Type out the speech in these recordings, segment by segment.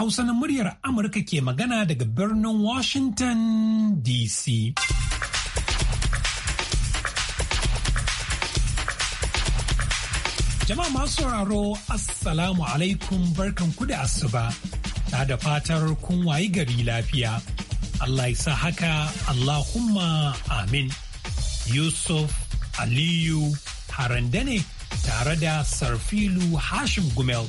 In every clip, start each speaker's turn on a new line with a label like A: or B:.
A: Hausa na muryar Amurka ke magana daga birnin Washington DC. Jama'a masu sauraro Assalamu alaikum barkanku da asuba. Ta da fatar kun wayi gari lafiya. Allah ya sa haka Allahumma amin. Yusuf Aliyu Harandane tare da Sarfilu Hashim Gumel.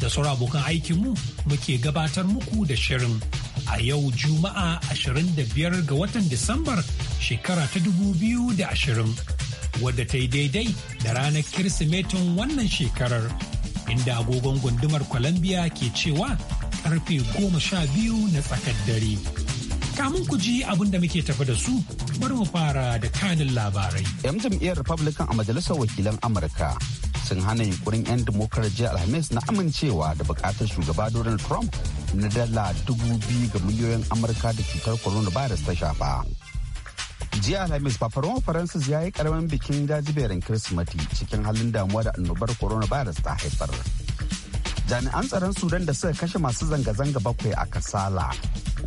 A: da sauran abokan aikinmu muke gabatar muku da shirin a yau Juma'a 25 ga watan Disambar shekara ta 2020 wadda ta yi daidai da ranar Kirsimetin wannan shekarar inda agogon gundumar Columbia ke cewa karfe 12 na tsakar dare. Kamun ku ji abin da muke tafi da su bari mu fara da kanin labarai. 'Yan jam'iyyar
B: Republican a Majalisar Wakilan Amurka sun hana yunkurin 'yan demokrat jiya alhamis na amincewa da bukatar shugaba donald trump na dala dubu biyu ga miliyoyin amurka da cutar coronavirus ta shafa jiya alhamis paparoma faransis ya yi karamin bikin jajiberin kirsimati cikin halin damuwa da annobar coronavirus ta haifar jami'an tsaron sudan da suka kashe masu zanga-zanga bakwai a kasala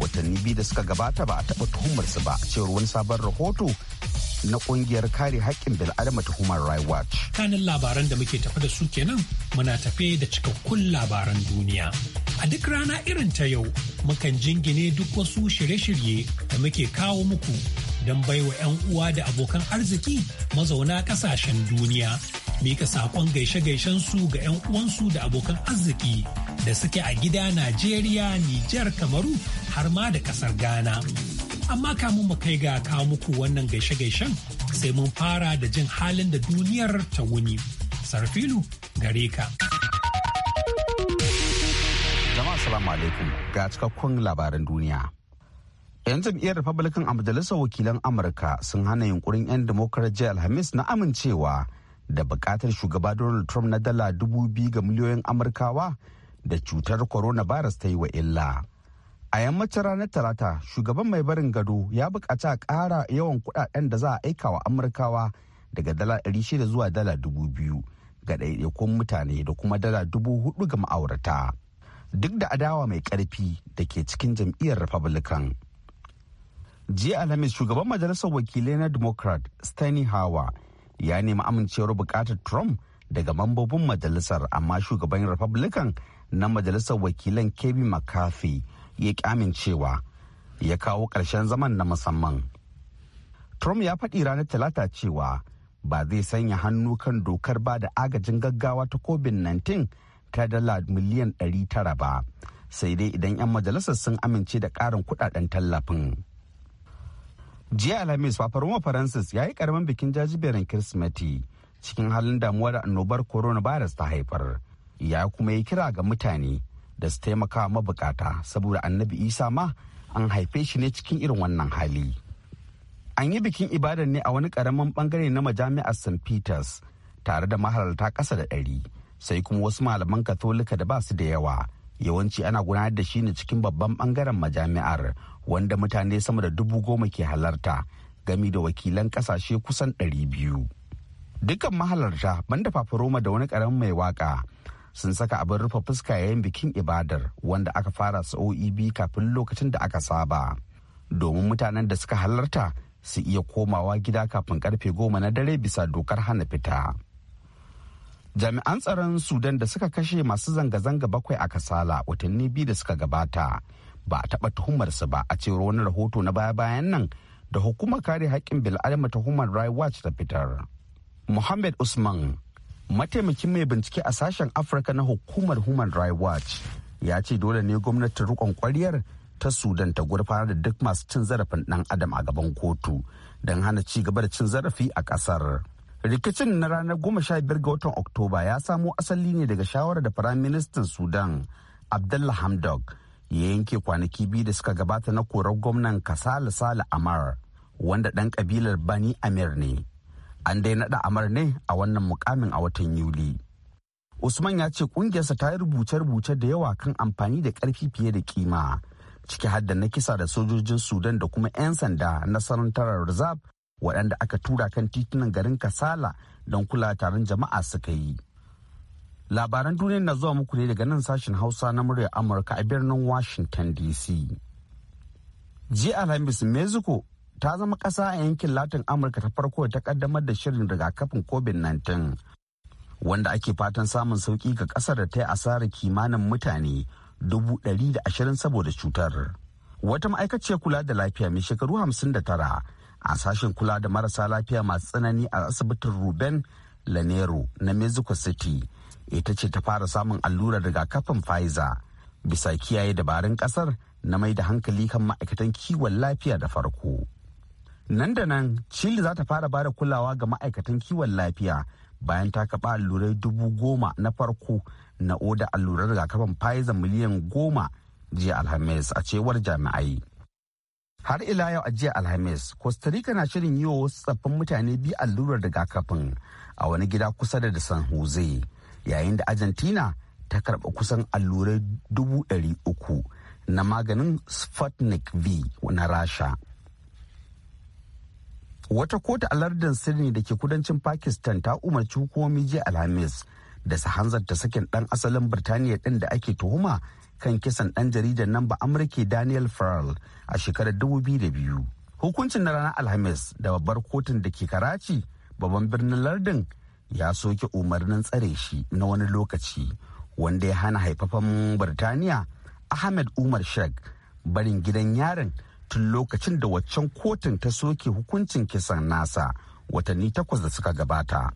B: watanni biyu da suka gabata ba a taɓa su ba cewar wani sabon rahoto na kungiyar kare haƙƙin bil'adama ta Human Rights Watch.
A: Kanin labaran da muke tafe da su kenan muna tafe da cikakkun labaran duniya. A duk rana irin ta yau mukan jingine duk wasu shirye-shirye da muke kawo muku don baiwa 'yan uwa da abokan arziki mazauna ƙasashen duniya. Mika saƙon gaishe-gaishen su ga 'yan uwansu da abokan arziki da suke a gida Najeriya, Nijar, Kamaru har ma da ƙasar Ghana. amma kamun mu kai ga kawo muku wannan gaishe-gaishen sai mun fara da jin halin da duniyar ta wuni. Sarfilu gare ka.
B: Jama'a salamu alaikum ga cikakkun labaran duniya. 'Yan jam'iyyar Republican a majalisar wakilan Amurka sun hana yunkurin 'yan Democrat jay Alhamis na amincewa da bukatar shugaba Donald Trump na dala dubu biyu ga miliyoyin Amurkawa da cutar coronavirus ta yi wa illa. a yammacin ranar talata shugaban mai barin gado ya bukaci a ƙara yawan kuɗaɗen da za a aika wa amurkawa daga dala ɗari shida zuwa dala dubu biyu ga ɗaiɗaikun mutane da kuma dala dubu hudu ga ma'aurata duk da adawa mai ƙarfi da ke cikin jam'iyyar republican jiya alhamis shugaban majalisar wakilai na democrat steny hawa ya nemi amincewar bukatar trump daga mambobin majalisar amma shugaban republican na majalisar wakilan kevin mccarthy ya ki amincewa ya kawo ƙarshen zaman na musamman. Trump ya faɗi ranar Talata cewa ba zai sanya hannu kan dokar ba da agajin gaggawa ta COVID-19 ta dala miliyan 900 ba, sai dai idan 'yan majalisar sun amince da ƙarin kuɗaɗen tallafin. Jiya Alhamis Fafaroma Francis ya yi ƙaramin bikin jajiberin Kirsimeti cikin halin damuwa da annobar coronavirus ta haifar, ya kuma yi kira ga mutane da su taimaka mabukata saboda annabi isa ma an haife shi ne cikin irin wannan hali an yi bikin ibadar ne a wani karamin bangare na majami'ar st peters tare da mahalarta ƙasa da ɗari sai kuma wasu malaman katolika da ba su da yawa yawanci ana gudanar da shi ne cikin babban bangaren majami'ar wanda mutane sama da dubu goma ke halarta gami da wakilan ƙasashe kusan ɗari biyu. dukkan mahalarta banda fafaroma da wani ƙaramin mai waka sun saka abin rufe fuska yayin bikin ibadar wanda aka fara sa'o'i biyu kafin lokacin da aka saba domin mutanen da suka halarta su iya komawa gida kafin karfe goma na dare bisa dokar hana fita jami'an tsaron sudan da suka kashe masu zanga-zanga bakwai a kasala watanni biyu da suka gabata ba a tuhumar tuhumarsu ba a cewar wani rahoto na baya-bayan nan da hukumar kare haƙƙin bil'adama ta human rights watch ta fitar. Muhammad Usman mataimakin mai bincike a sashen afirka na hukumar human rights watch ya ce dole ne gwamnatin rikon kwaryar ta sudan ta gurfanar da duk masu cin zarafin dan adam a gaban kotu don hana ci gaba da cin zarafi a kasar rikicin na ranar goma sha biyar ga watan oktoba ya samo asali ne daga shawarar da ministan sudan abdullah hamdok ya yanke kwanaki biyu da suka gabata na korar gwamnan kasala sale amar wanda dan kabilar bani amir ne an dai naɗa amar ne a wannan mukamin a watan yuli usman ya ce kungiyarsa ta yi rubuce-rubuce da yawa kan amfani da ƙarfi fiye da kima ciki har da na kisa da sojojin sudan da kuma 'yan sanda na sarantarar rizab waɗanda aka tura kan titunan garin kasala don kula taron jama'a suka yi labaran duniya na zuwa muku ne daga nan sashen hausa na muryar amurka a birnin washington dc jiya alhamis mexico ta zama ƙasa a yankin latin amurka ta farko da ta kaddamar da shirin rigakafin covid-19 wanda ake fatan samun sauki ga ƙasar da ta yi asarar kimanin mutane dubu ɗari da ashirin saboda cutar wata ma'aikaciyar kula da lafiya mai shekaru hamsin da tara a sashen kula da marasa lafiya masu tsanani a asibitin ruben lanero na mexico city ita ce ta fara samun allurar rigakafin pfizer bisa kiyaye dabarun kasar na mai da hankali kan ma'aikatan kiwon lafiya da farko nan da nan chile za ta fara bada kulawa ga ma'aikatan kiwon lafiya bayan ta kaɓa allurai dubu goma na farko na oda allurar rigakafin pfizer miliyan goma jiya alhamis a cewar jami'ai har ila yau a jiya alhamis costa rica na shirin yi wa wasu tsaffin mutane biyu allurar rigakafin a wani gida kusa da san jose yayin da argentina ta karɓa kusan allurai dubu ɗari uku na maganin sputnik v na rasha wata kotu a lardin sydney da ke kudancin pakistan ta umarci hukumomi jiya alhamis da su hanzarta sakin dan asalin birtaniya din da ake tuhuma kan kisan dan jaridar nan ba amurki daniel farrell a shekarar 2002 hukuncin na ranar alhamis da babbar kotun da ke karaci babban birnin lardin ya soke umarnin tsare shi na wani lokaci wanda ya hana haifafan birtaniya ahmed umar sheikh barin gidan yarin tun lokacin da waccan kotun ta soke hukuncin kisan nasa watanni takwas da suka gabata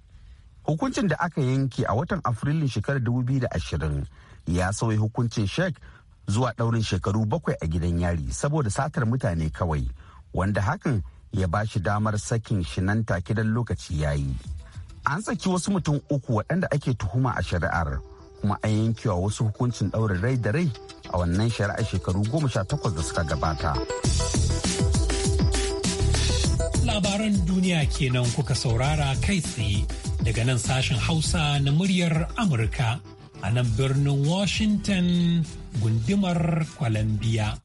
B: hukuncin da aka yanke a watan afrilun shekarar 2020 ya sauya hukuncin sheikh. zuwa ɗaurin shekaru bakwai a gidan yari saboda satar mutane kawai wanda hakan ya ba shi damar sakin shi nan take lokaci yayi an saki wasu mutum uku waɗanda ake tuhuma a shari'ar kuma an yankewa wasu hukuncin ɗaurin rai da rai a wannan shari'a shekaru goma sha takwas da suka gabata.
A: Labaran duniya kenan kuka saurara kai tsaye daga nan sashen Hausa na muryar Amurka a nan birnin Washington gundumar Columbia.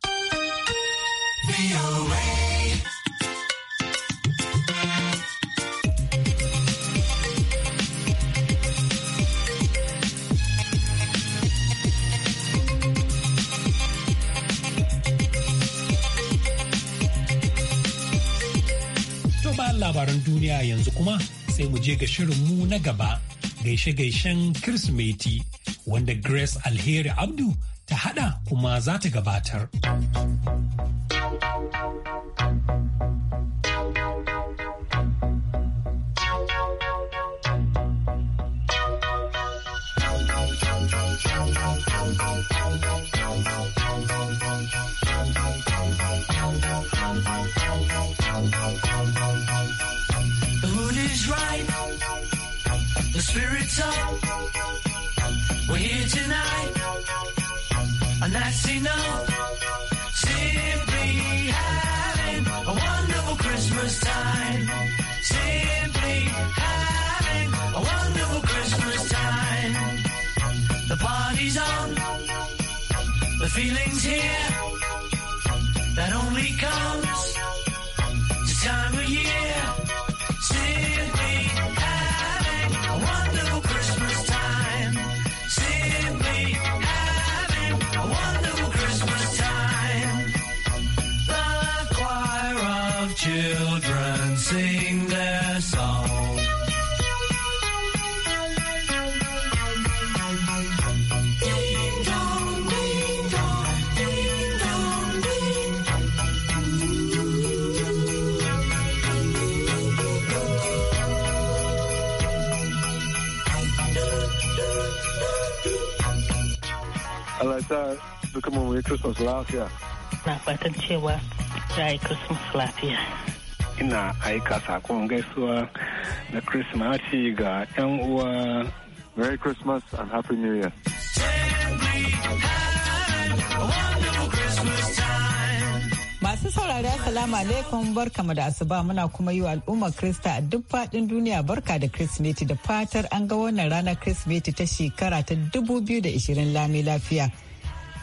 A: yanzu kuma sai mu je ga mu na gaba gaishe-gaishen Kirsimeti wanda Grace Alheri Abdu ta hada kuma za ta gabatar. spirits up. We're here tonight, and that's enough. Simply
C: having a wonderful Christmas time. Simply
A: having a wonderful Christmas time. The party's on, the feeling's here.
C: Allah sa duka mu yi Christmas lafiya.
D: Na fatan cewa za a yi Christmas lafiya. Ina
C: aika sakon gaisuwa na Christmas ga 'yan uwa. Merry Christmas and Happy New Year.
E: Masu saurari Assalamu alaikum mu da asuba muna kuma yi wa al'ummar Krista a duk fadin duniya barka da Kirsimeti da fatar an ga wannan ranar Kirsimeti ta shekara ta 2020 lami lafiya.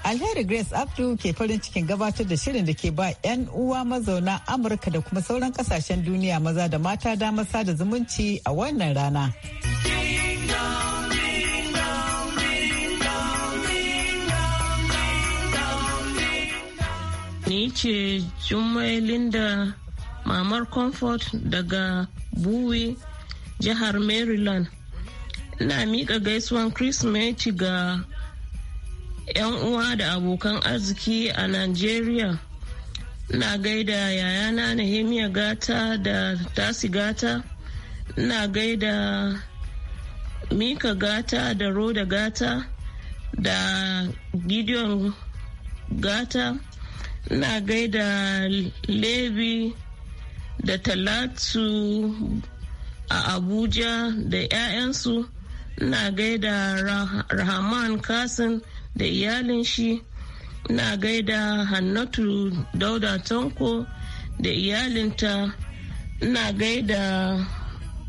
E: Alheri Grace Abdu ke farin cikin gabatar da shirin da ke ba 'yan uwa mazauna Amurka da kuma sauran kasashen duniya maza da mata damar sada zumunci a wannan rana. Ni ce Jummai
F: Linda Mamar Comfort daga Buwi, jihar Maryland. Ina miƙa gaisuwan Kirsimeti ga 'yan uwa da abokan arziki a Najeriya. Ina gaida yayana Nahimiya Gata da Tasi Gata. Ina gaida Mika Gata da Roda Gata da Gideon Gata. ina gaida levi da talatu a abuja da 'ya'yansu ina gaida rahaman rahman kasin da iyalin shi na gaida hannatu dauda tanko da iyalinta ina gaida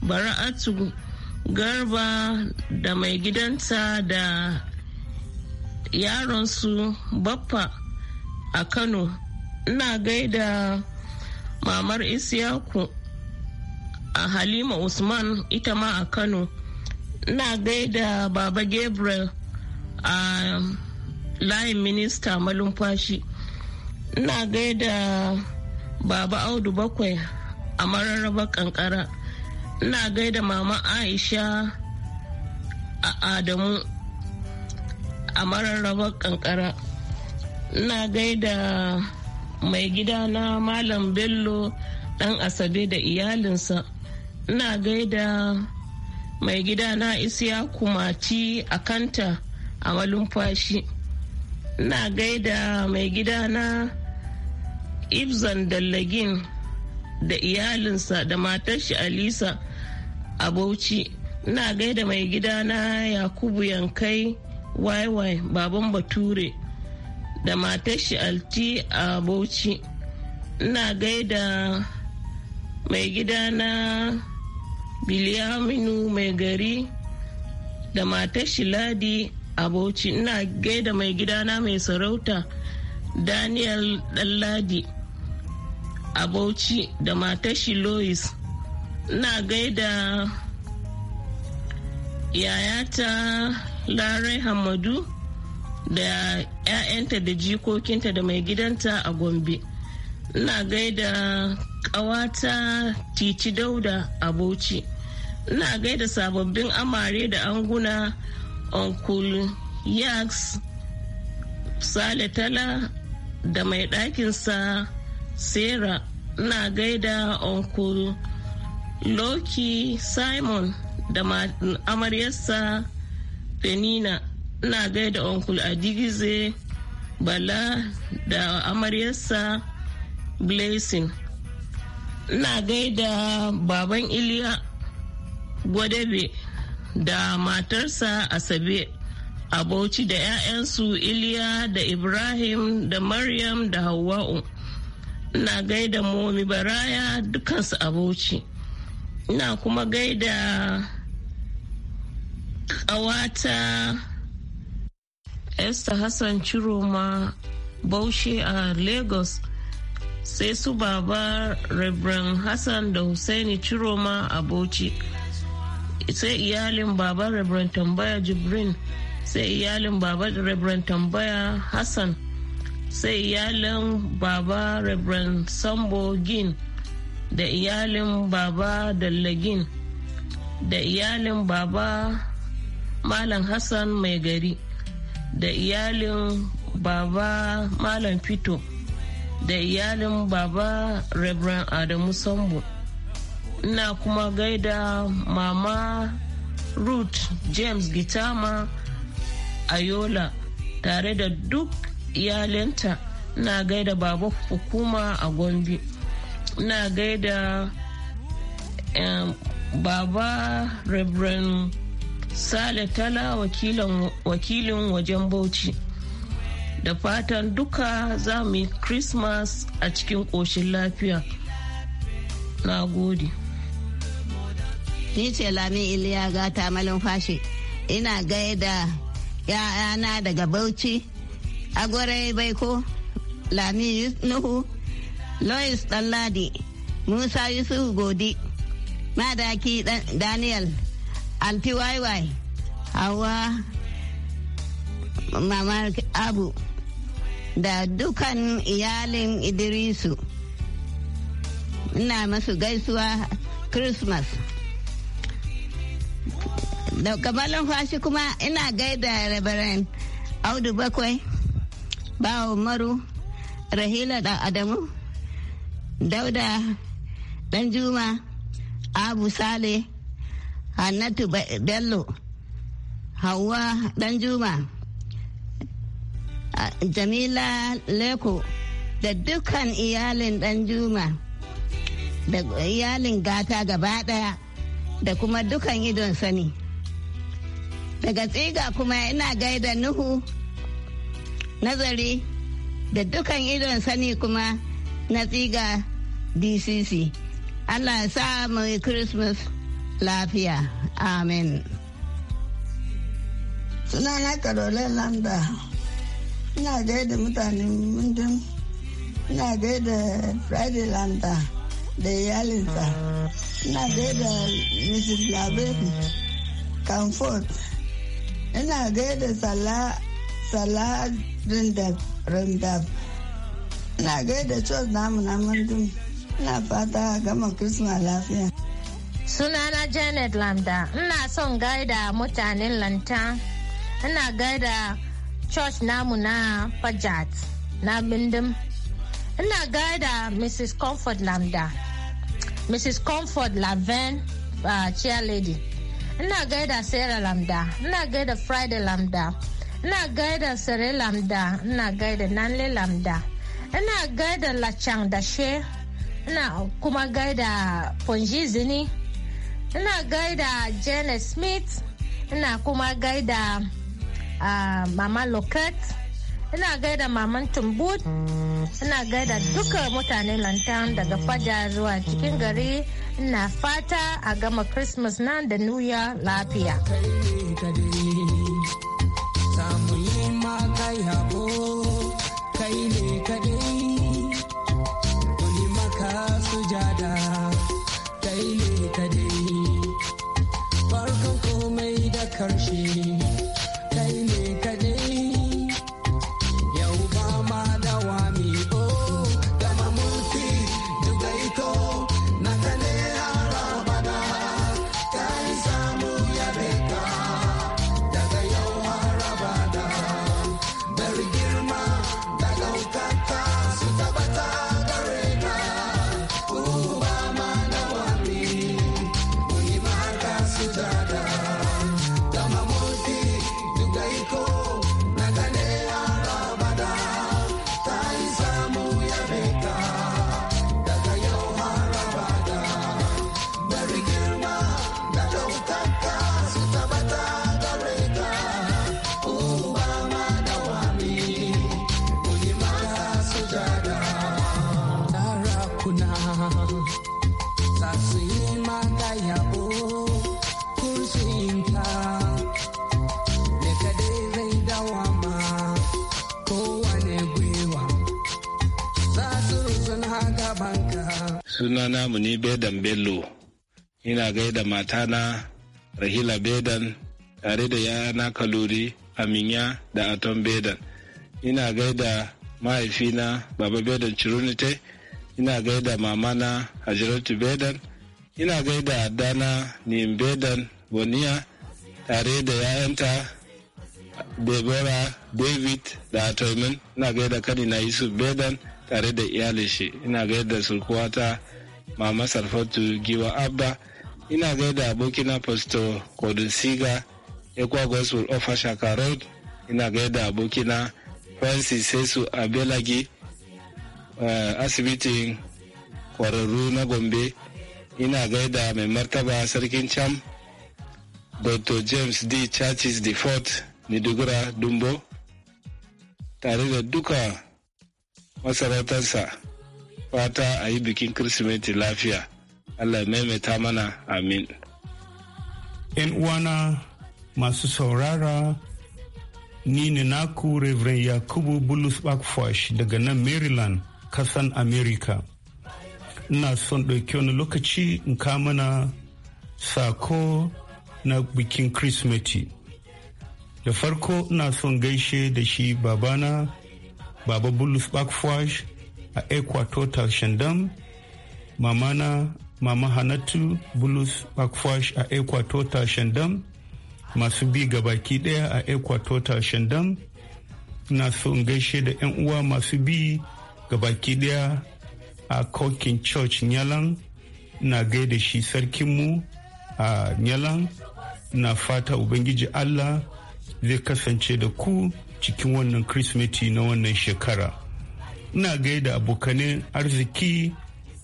F: bara'atu garba da mai gidanta da yaronsu baffa a kano ina gaida mamar isyaku a halima usman ita ma a kano ina gaida baba gabriel a layin minista malumfashi ina gaida baba audu bakwai a mararraba kankara ina gaida mama aisha a adamu a mararraba kankara na gaida mai na malam bello dan asabe da iyalinsa ina gaida mai na isiya kumati a kanta a malumfashi na gaida mai na ibzan dallagin da iyalinsa da matar shi alisa a bauchi na gaida mai na yakubu yankai yy baban bature da matar shi alti a bauchi ina gaida mai gida na biliyaminu mai gari da matar shi ladi a bauchi ina gaida mai gida na mai sarauta daniel ɗanladi a bauchi da matar shi lois ina gaida yayata larai hamadu da 'ya'yanta da jikokinta da mai gidanta a gombe ina gaida ƙawata titi dauda a bauchi ina gaida sababbin amare da anguna uncle yaks sale tala da mai ɗakinsa sera ina gaida uncle loki simon da amaryarsa penina ina gaida onkul adigize bala da amaryarsa blessing ina gaida baban iliya gwadabe da matarsa asabe a da 'ya'yansu iliya da ibrahim da maryam da hawa'u ina gaida momi baraya dukansu a bauchi ina kuma gaida ƙawata esther hassan ciroma baushe a lagos sai su baba rebren hassan da husaini ciroma a bauchi sai iyalin baba rebren tambaya jibrin sai iyalin baba rebren tambaya hassan sai iyalin baba rebren sambo gin da iyalin baba dallagin da iyalin baba malam hassan mai gari da iyalin baba malam fito da iyalin baba reverend adamu sambo ina kuma gaida mama ruth james gitama ayola tare da duk iyalinta ina gaida baba hukuma a gombe ina gaida um, baba reverend sale tala wakilin wajen bauchi da fatan duka za mu yi christmas a cikin ƙoshin lafiya na gode
G: ni ce lami iliya gata malin fashe ina gaida ya'yana daga bauchi agwarai baiko lami nuhu lois ɗanladi musa yusuf godi madaki daniel anti waiwai hawa mama abu da dukan iyalin idirisu ina masu gaisuwa christmas da kamalin fashi kuma ina gaida reverend audu bakwai bawo maru rahila da adamu dauda danjuma abu Saleh. hannatu bello Hauwa danjuma jamila leko da dukkan iyalin danjuma da iyalin gata gaba daya da kuma dukkan idon sani daga tsiga kuma ina gaida nuhu nazari da dukkan idon sani kuma na tsiga dcc allah ya sa mai christmas lafiya amen. sunana caroline landa ina da mutanen mundin ina da friday landa da iyalinsa ina gaida mrs laberi comfort ina gaida sala rindab ina da church namu na mundin ina fata gama christmas lafiya
F: Sunana Janet Lambda, ina son gaida mutanen lanta, ina gaida church namu na Fajat na Bindin. Ina gaida Mrs. Comfort Lambda, Mrs. Comfort Laven uh, chair lady. Ina gaida Sarah Lambda, ina gaida Friday Lambda, ina gaida Sere Lambda, ina gaida Nanle Lambda, ina gaida Lachang Dashe, ina kuma gaida Ponjizini. ina gaida janet smith ina kuma gaida uh, mama loket ina gaida maman tumbut ina gaida duka mutane lantan daga faja zuwa cikin gari ina fata a gama christmas nan da new year lafiya
G: karshe
C: namu ne Bedan Bello, ina gaida matana Rahila Bedan tare da yana Kaluri Aminya da Aton Bedan. Ina gaida mahaifina Baba Bedan Cirunite, ina gaida mamana Hajaratu Bedan, ina gaida dana Nim Bedan Boniya tare da yayanta Deborah David da Atomin, na gaida kanina Yusuf Bedan. tare da iyalin shi ina gaida surkuwata mama sarfatu giwa abba ina gaida abokina pastor siga ekwa gospel of ashaka road ina gaida abokina francis sesu abelagi uh, asibitin kwararru na gombe ina gaida mai martaba sarkin cham dr james d churches the fort nidugura dumbo tare da duka masarautarsa fata a yi bikin kirsimeti lafiya allah maimaita mana amin
H: yan uwana masu saurara ni ne naku reverend yakubu bulus bakfosh daga nan maryland kasan america ina son ɗauki wani lokaci in mana sako na bikin kirsimeti da farko ina son gaishe da shi babana baba bulus bakfwash a ekwa total shandam mamana mama hanatu bulus bakfwash a ekwa total shandam masu bi gabaki daya a ekwa total shandam na son gaishe da 'yan uwa masu bi gabaki daya a kokin church nyalan na gaida shi sarkinmu a nyalan na fata ubangiji allah zai kasance da ku cikin wannan Kirsimeti na wannan shekara. Ina gaida abokanin arziki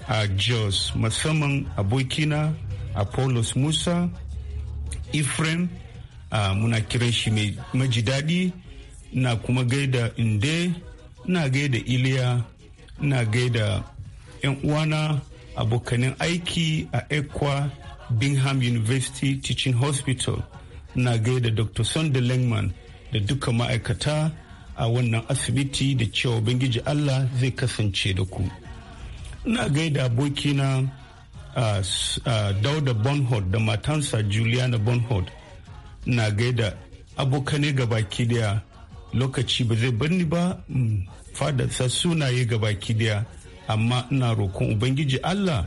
H: a Jos musamman abokina Apollos Musa, Ephraim, a muna kiran shi mai daɗi na kuma gaida Inde, na gaida Iliya, na gaida 'yan uwana abokanin aiki a Ekwa Bingham University Teaching Hospital. na gaida dr sunday lengman da duka ma'aikata a wannan asibiti da cewa bangiji allah zai kasance da ku na gaida abokina a dauda bonhod da matansa juliana bonhod na gaida abokane gabaki daya lokaci ba zai birni ba mm, fadarsa sunaye gabaki daya amma ina roƙon ubangiji allah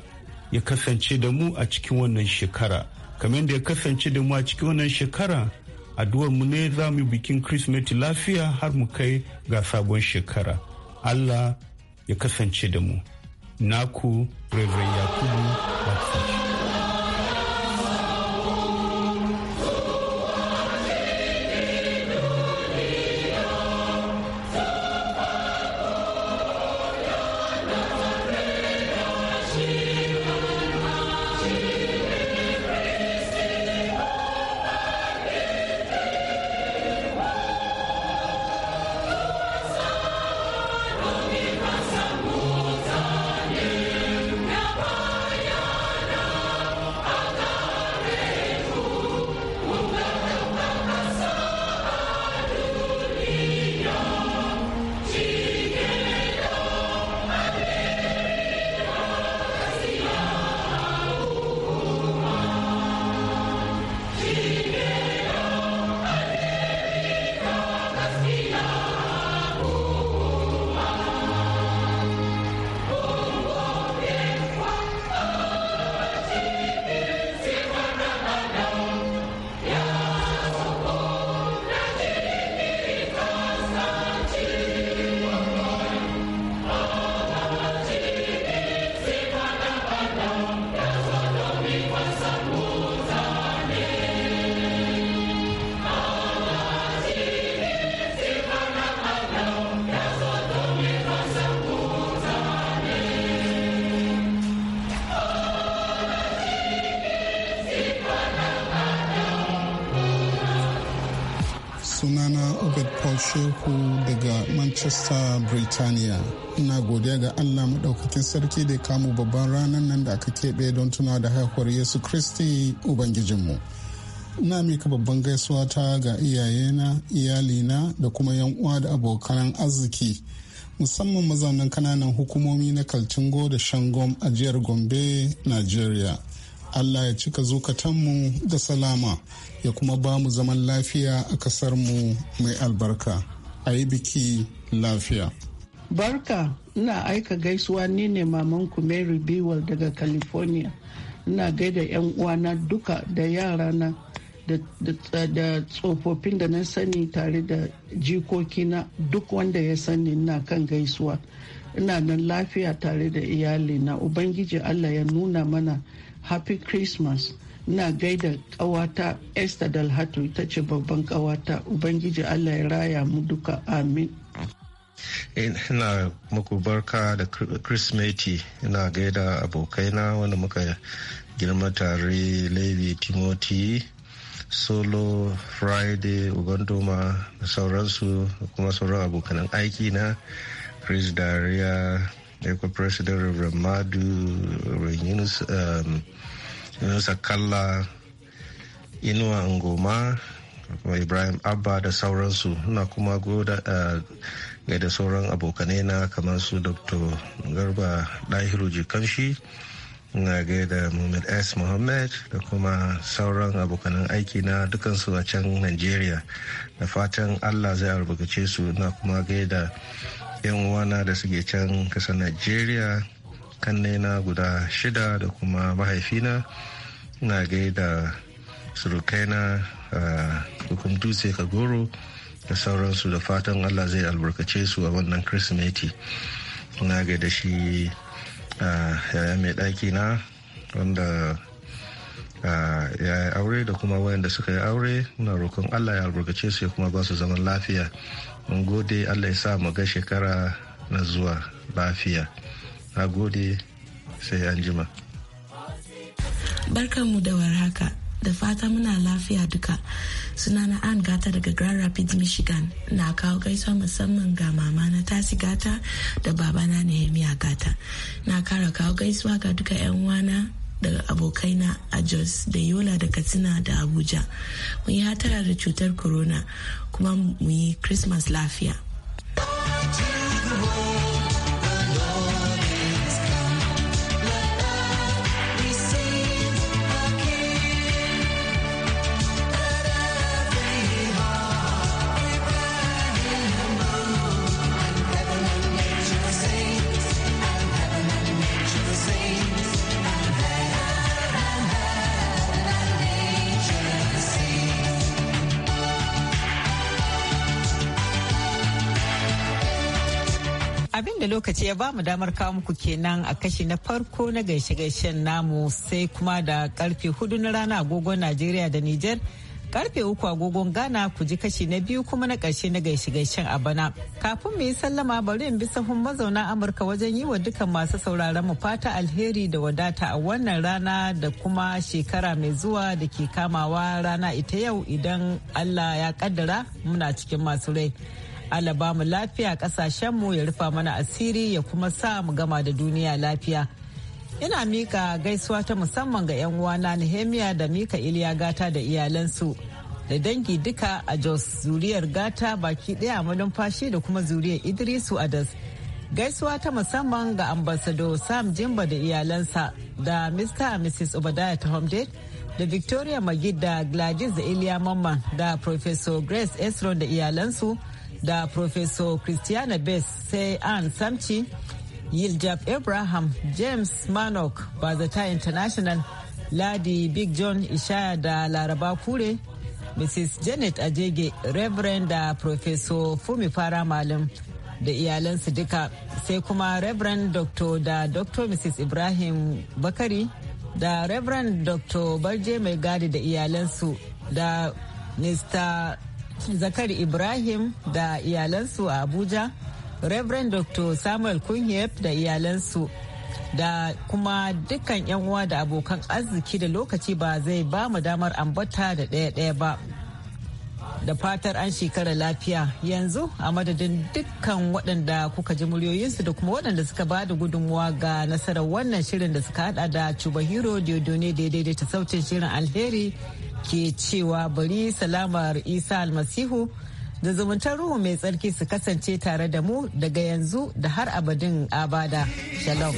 H: ya kasance da mu a cikin wannan shekara kamar da ya kasance da mu a cikin wannan shekara addu'ar mu ne za mu bikin kirsimeti lafiya har mu kai ga sabon shekara allah ya kasance da mu naku reverend yakubu britaniya Birtaniya. Ina godiya ga Allah maɗaukakin sarki da ya kamu babban ranar nan da aka keɓe don tuna da haihuwar Yesu Kristi Ubangijinmu. Ina mika babban gaisuwa ta ga iyayena, iyalina da kuma yan uwa da abokan arziki. Musamman mazaunan kananan hukumomi na Kalcingo da Shangom a jihar Gombe, Najeriya. Allah ya cika zukatanmu da salama ya kuma ba mu zaman lafiya a ƙasarmu mai albarka. a yi biki lafiya. Barka,
E: ina aika gaisuwa ni ne mamanku Mary Biwal daga California. Ina gaida 'yan uwana duka da yarana da tsofaffin da na sani tare da jikokina duk wanda ya sani na kan gaisuwa. Ina nan lafiya tare da iyali na Ubangiji Allah ya nuna mana Happy Christmas. ina gaida kawata esther dalhatu ita ce babban kawata ubangiji allah ya raya mu duka amin
D: ina muku barka da kirsimeti ina gaida abokaina wanda muka girma tare levi timoti solo friday ugandoma da sauransu kuma sauran abokanan aiki na chris daria eco president reverend madu um, yunusa kalla inuwa ngoma kuma ibrahim abba da sauransu na kuma goda eh, da sauran abokanai na kamar su dr garba dahiru jikanshi na gaida muhammad s muhammad da kuma sauran abokanan aiki na dukansu a can nigeria da fatan allah zai albarkace su na kuma gaida yan uwana da suke can kasar nigeria kannena guda shida da kuma mahaifina na gaida surukaina ah, da kuma dutse kagoro da sauransu da fatan allah zai albarkace su a wannan kirsimeti na gaida shi ah, yaya mai ɗaki na wanda ah, ya yi aure da kuma wayanda suka yi aure na rokon allah ya albarkace su ya kuma ba su zaman lafiya mun gode allah ya sa mu ga shekara na zuwa lafiya na gode sai an jima
F: barkanmu da warhaka da fata muna lafiya duka sunana an gata daga grand rapids michigan na kawo gaisuwa musamman ga mama na tasi gata da babana nehemiya gata na kara kawo gaisuwa ga duka 'yan wana daga abokaina a jos da yola da katsina da abuja mun yi hatara da cutar corona kuma mu yi christmas lafiya
E: lokaci ya ba mu damar kawo muku kenan a kashi na farko na gaishe-gaishen namu sai kuma da karfe hudu na rana agogon Najeriya da Nijar. karfe uku agogon ghana ku ji kashi na biyu kuma na karshe na gaishe-gaishen a bana kafin mu yi sallama bari in bi sahun mazauna amurka wajen yi wa dukkan masu sauraron mu fata alheri da wadata a wannan rana da kuma shekara mai zuwa da ke kamawa rana ita yau idan allah ya kaddara muna cikin masu rai Allah ba mu lafiya mu ya rufa mana asiri ya kuma sa mu gama da duniya lafiya. Ina mika gaisuwa ta musamman ga 'yan uwana Nehemiya da Mika Iliya gata da iyalansu da dangi duka a Jos zuriyar gata baki ɗaya malumfashi da kuma zuriyar Idrisu Adas. Gaisuwa ta musamman ga ambasado Sam Jimba da iyalansa da Mr. Mrs. Obadiah Tahomdade da Victoria Magid da Gladys da Iliya Mamman da Professor Grace Esron da iyalansu. da Professor Christiana Bess sai an Samci, Yildab Abraham, James Manok, Bazata International, Ladi Big John Ishaya da Laraba Kure, Mrs. Janet Ajege, Reverend da Professor Fumi Fara Malam da iyalansu duka sai kuma Reverend Dr. da Dr. Mrs. Ibrahim Bakari da Reverend Dr. Barje Mai Gadi da iyalansu da Mr. zakar ibrahim da iyalansu a abuja reverend dr samuel kunyep da iyalansu da kuma dukkan yan uwa da abokan arziki da lokaci ba zai ba mu damar ambata da ɗaya-ɗaya ba da fatar an shekara lafiya yanzu a madadin dukkan waɗanda kuka ji muryoyinsu da kuma waɗanda suka ba da gudunmuwa ga nasarar wannan shirin da suka hada da cuba hero diodone da ta sautin shirin alheri ke cewa bari salamar isa almasihu da zumuntar ruhu mai tsarki su kasance tare da mu daga yanzu da har abadin abada shalom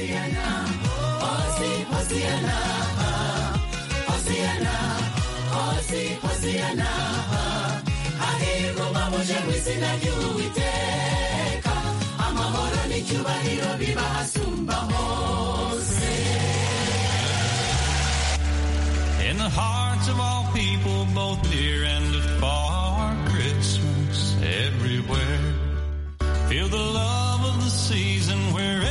A: hearts of all people both near and afar. Christmas everywhere. Feel the love of the season where